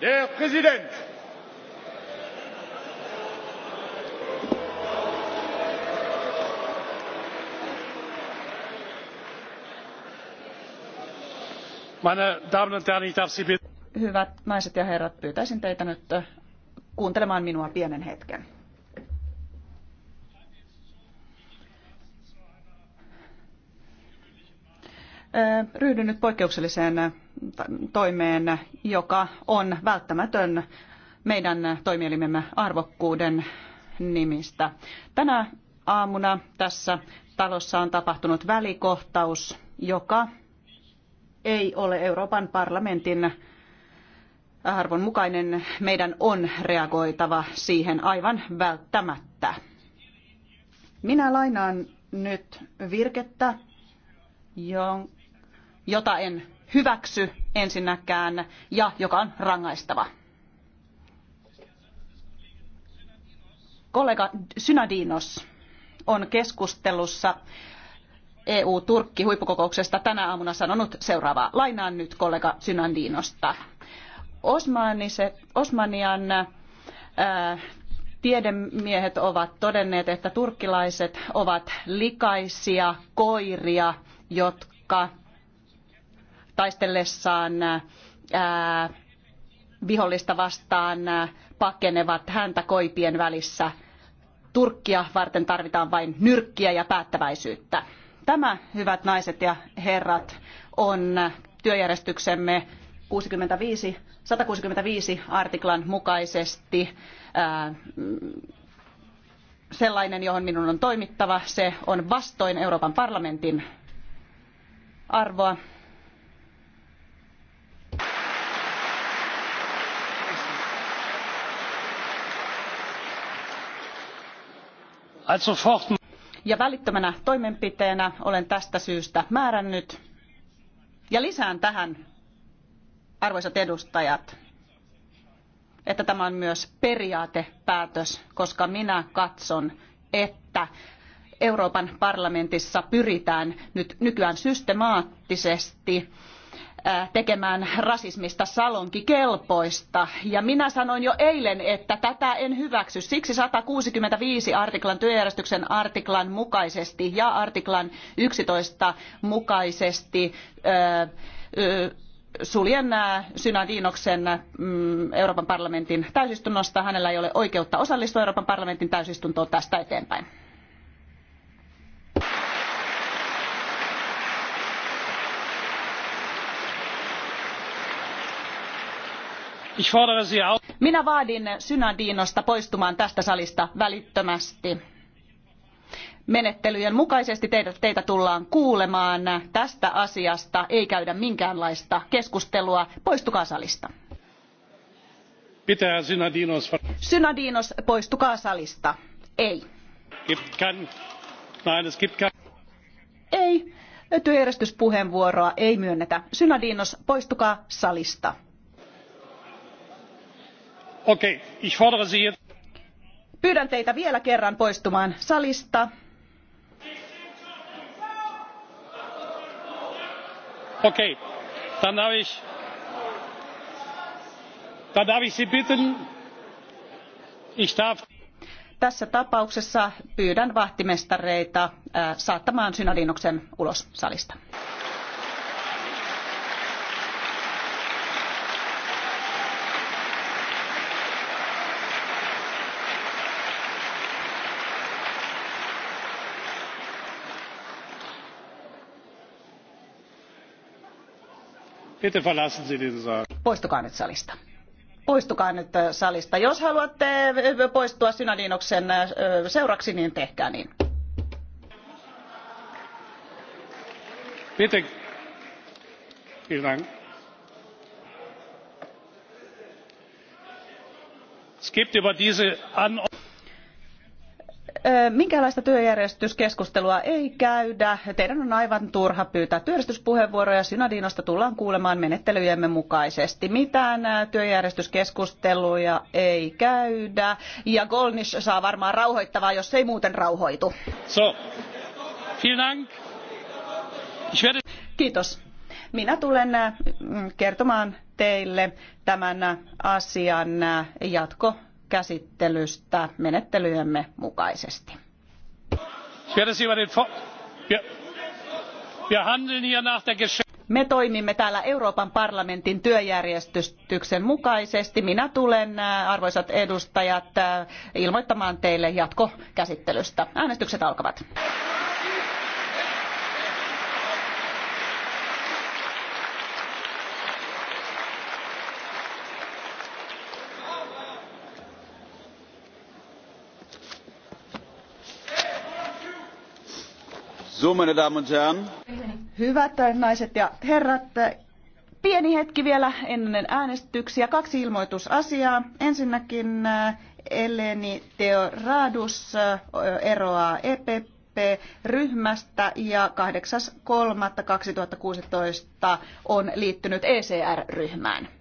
Der Präsident! Meine Damen und Herren, ich darf Sie bitten. Hyvät naiset ja herrat, pyytäisin teitä nyt kuuntelemaan minua pienen hetken. ryhdyn nyt poikkeukselliseen toimeen, joka on välttämätön meidän toimielimemme arvokkuuden nimistä. Tänä aamuna tässä talossa on tapahtunut välikohtaus, joka ei ole Euroopan parlamentin arvon mukainen. Meidän on reagoitava siihen aivan välttämättä. Minä lainaan nyt virkettä, jonka jota en hyväksy ensinnäkään ja joka on rangaistava. Kollega Synadinos on keskustelussa EU-Turkki huippukokouksesta tänä aamuna sanonut seuraavaa. Lainaan nyt kollega Synandinosta. Osmanian ää, tiedemiehet ovat todenneet, että turkkilaiset ovat likaisia koiria, jotka taistellessaan vihollista vastaan pakenevat häntä koipien välissä. Turkkia varten tarvitaan vain nyrkkiä ja päättäväisyyttä. Tämä, hyvät naiset ja herrat, on työjärjestyksemme 65, 165 artiklan mukaisesti ää, sellainen, johon minun on toimittava. Se on vastoin Euroopan parlamentin arvoa. ja välittömänä toimenpiteenä olen tästä syystä määrännyt ja lisään tähän arvoisat edustajat että tämä on myös periaatepäätös koska minä katson että euroopan parlamentissa pyritään nyt nykyään systemaattisesti tekemään rasismista salonkikelpoista. Ja minä sanoin jo eilen, että tätä en hyväksy. Siksi 165 artiklan työjärjestyksen artiklan mukaisesti ja artiklan 11 mukaisesti suljen Synadinoksen mm, Euroopan parlamentin täysistunnosta. Hänellä ei ole oikeutta osallistua Euroopan parlamentin täysistuntoon tästä eteenpäin. Minä vaadin Synadinosta poistumaan tästä salista välittömästi. Menettelyjen mukaisesti teitä, teitä tullaan kuulemaan tästä asiasta. Ei käydä minkäänlaista keskustelua. Poistukaa salista. Pitää Synadinos. Synadinos, poistukaa salista. Ei. Nein, es Ei. Työjärjestyspuheenvuoroa ei myönnetä. Synadinos, poistukaa salista. Pyydän teitä vielä kerran poistumaan salista. Okay, dann darf ich, dann darf ich Sie bitten, ich darf... Tässä tapauksessa pyydän vahtimestareita äh, saattamaan synodinoksen ulos salista. Bitte verlassen Sie den Saal. Poistukaa nyt salista. Poistukaa nyt äh, salista. Jos haluatte äh, poistua Synadinoksen äh, seuraksi, niin tehkää niin. Bitte. Vielen Dank. Es gibt über diese Anordnung minkäänlaista työjärjestyskeskustelua ei käydä. Teidän on aivan turha pyytää työjärjestyspuheenvuoroja. Synadiinosta tullaan kuulemaan menettelyjemme mukaisesti. Mitään työjärjestyskeskusteluja ei käydä. Ja Golnish saa varmaan rauhoittavaa, jos ei muuten rauhoitu. So. Vielen Dank. Kiitos. Minä tulen mm, kertomaan teille tämän asian jatko käsittelystä menettelyjemme mukaisesti. Me toimimme täällä Euroopan parlamentin työjärjestyksen mukaisesti. Minä tulen, arvoisat edustajat, ilmoittamaan teille jatkokäsittelystä. Äänestykset alkavat. Hyvät naiset ja herrat, pieni hetki vielä ennen äänestyksiä. Kaksi ilmoitusasiaa. Ensinnäkin eh, Eleni Teoradus eh, eroaa EPP-ryhmästä ja 8.3.2016 on liittynyt ECR-ryhmään.